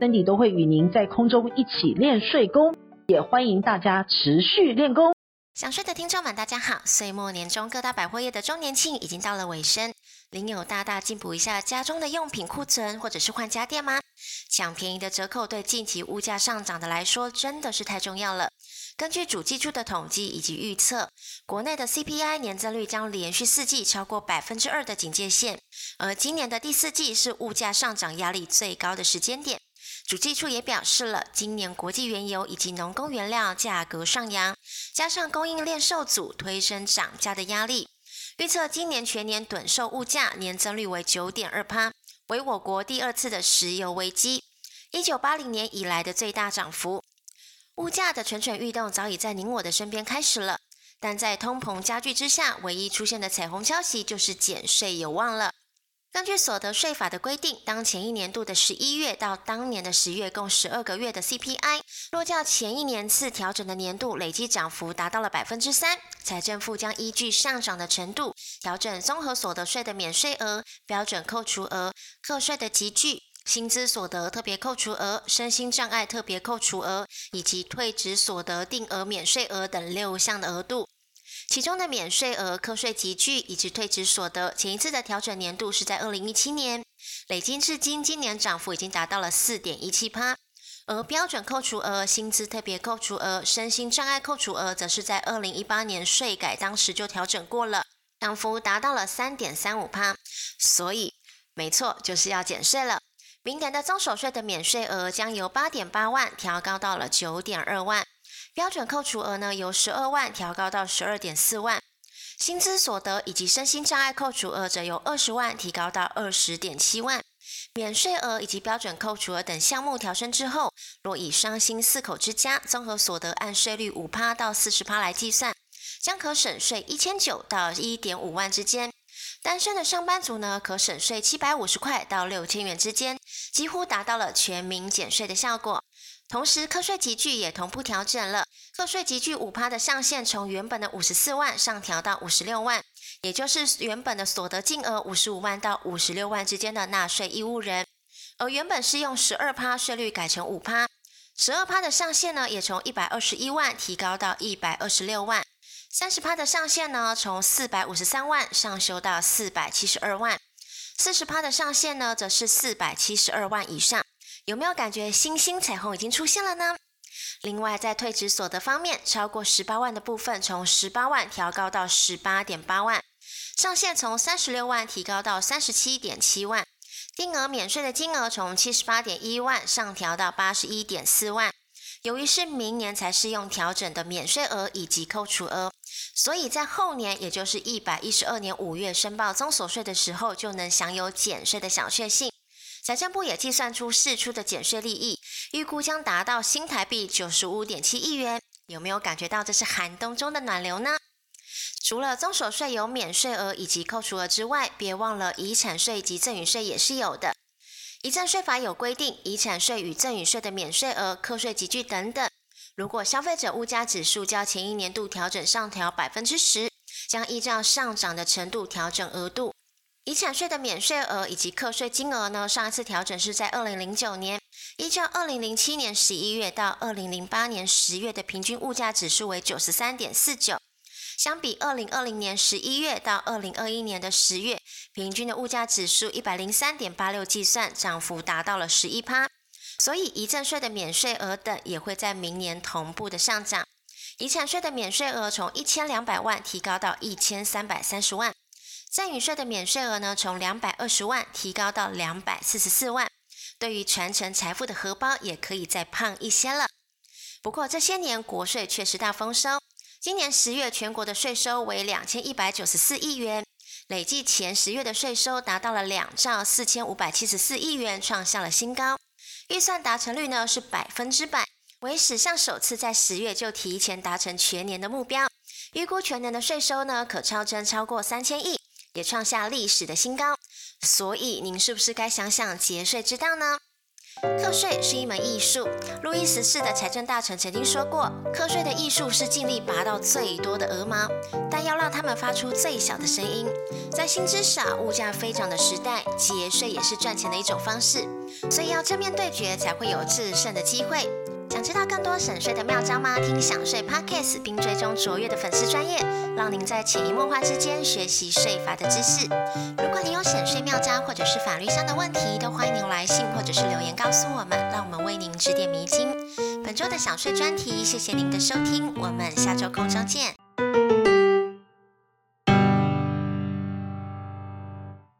森迪都會與您在空中一起練睡功也歡迎大家持續練功。想睡的聽眾們，大家好！歲末年終，各大百貨業的周年慶已經到了尾聲，您有大大進補一下家中的用品庫存，或者是換家電嗎？搶便宜的折扣，對近期物價上漲的來說，真的是太重要了。根據主計總處的統計以及預測，國內的 CPI 年增率將連續四季超過百分之二的警戒線，而今年的第四季是物價上漲壓力最高的時間點。主計處也表示了，今年國際原油以及農工原料價格上揚，加上供應鏈受阻，推升漲價的壓力。預測今年全年躉售物價年增率為九點二趴，為我國第二次的石油危機，一九八零年以來的最大漲幅。物價的蠢蠢欲動早已在您我的身邊開始了，但在通膨加劇之下，唯一出現的彩虹消息就是減稅有望了。根據所得稅法的規定，當前一年度的十一月到當年的十月共十二個月的 CPI，若較前一年次調整的年度累計漲幅達到了百分之三，財政部將依據上漲的程度，調整綜合所得稅的免稅額、標準扣除額、課稅的級距、薪資所得特別扣除額、身心障礙特別扣除額以及退職所得定額免稅額等六項的額度。其中的免稅額、課稅級距以及退職所得，前一次的調整年度是在二零一七年，累計至今，今年漲幅已經達到了四點一七趴。而標準扣除額、薪資特別扣除額、身心障礙扣除額，則是在二零一八年稅改當時就調整過了，漲幅達到了三點三五趴。所以，沒錯，就是要減稅了。明年的綜所稅的免稅額將由八點八萬調高到了九點二萬。標準扣除額呢，由十二萬調高到十二點四萬；薪資所得以及身心障礙扣除額，則由二十萬提高到二十點七萬。免稅額以及標準扣除額等項目調升之後，若以雙薪四口之家綜合所得按稅率五趴到四十趴來計算，將可省稅一千九到一點五萬之間。單身的上班族呢，可省稅七百五十塊到六千元之間，幾乎達到了全民減稅的效果。同時，課稅級距也同步調整了，課稅級距五趴的上限從原本的五十四萬上調到五十六萬，也就是原本的所得淨額五十五萬到五十六萬之間的納稅義務人，而原本適用十二趴稅率改成五趴，十二趴的上限呢，也從一百二十一萬提高到一百二十六萬。三十趴的上限呢，從四百五十三萬上修到四百七十二萬；四十趴的上限呢，則是四百七十二萬以上。有沒有感覺星星彩虹已經出現了呢？另外，在退職所得方面，超過十八萬的部分從十八萬調高到十八點八萬，上限從三十六萬提高到三十七點七萬；定額免稅的金額從七十八點一萬上調到八十一點四萬。由於是明年才適用調整的免稅額以及扣除額，所以在後年，也就是一百一十二年五月申報綜所稅的時候，就能享有減稅的小確幸。財政部也計算出釋出的減稅利益，預估將達到新台幣九十五點七億元。有沒有感覺到這是寒冬中的暖流呢？除了綜所稅有免稅額以及扣除額之外，別忘了遺產稅以及贈與稅也是有的。遺贈稅法有規定，遺產稅與贈與稅的免稅額、課稅級距等等。如果消費者物價指數較前一年度調整上調百分之十，將依照上漲的程度調整額度。遺產稅的免稅額以及課稅金額呢，上一次調整是在二零零九年，依照二零零七年十一月到二零零八年十月的平均物價指數為九十三點四九。相比二零二零年十一月到二零二一年的十月，平均的物價指數一百零三點八六計算，漲幅達到了十一趴。所以遺贈稅的免稅額等也會在明年同步的上漲。遺產稅的免稅額從一千兩百萬提高到一千三百三十萬，贈與稅的免稅額呢從兩百二十萬提高到兩百四十四萬，對於傳承財富的荷包也可以再胖一些了。不過這些年國稅確實大豐收。今年十月全國的稅收為兩千一百九十四億元，累計前十月的稅收達到了兩兆四千五百七十四億元，創下了新高。預算達成率呢是百分之百，為史上首次在十月就提前達成全年的目標。預估全年的稅收呢可超徵超過三千億，也創下歷史的新高。所以您是不是該想想節稅之道呢？課稅是一門藝術。路易十四的財政大臣曾經說過：“課稅的藝術是盡力拔到最多的鵝毛，但要讓他們發出最小的聲音。”在薪資少、物價飛漲的時代，節稅也是賺錢的一種方式。所以要正面對決，才會有制勝的機會。想知道更多省稅的妙招嗎？聽想稅 Podcast，並追蹤卓越的粉絲專業，讓您在潛移默化之間學習稅法的知識。如果您有省稅妙招或者是法律上的問題，都歡迎您來信或者是留言告訴我們，讓我們為您指點迷津。本周的想稅專題，謝謝您的收聽，我們下周空中見。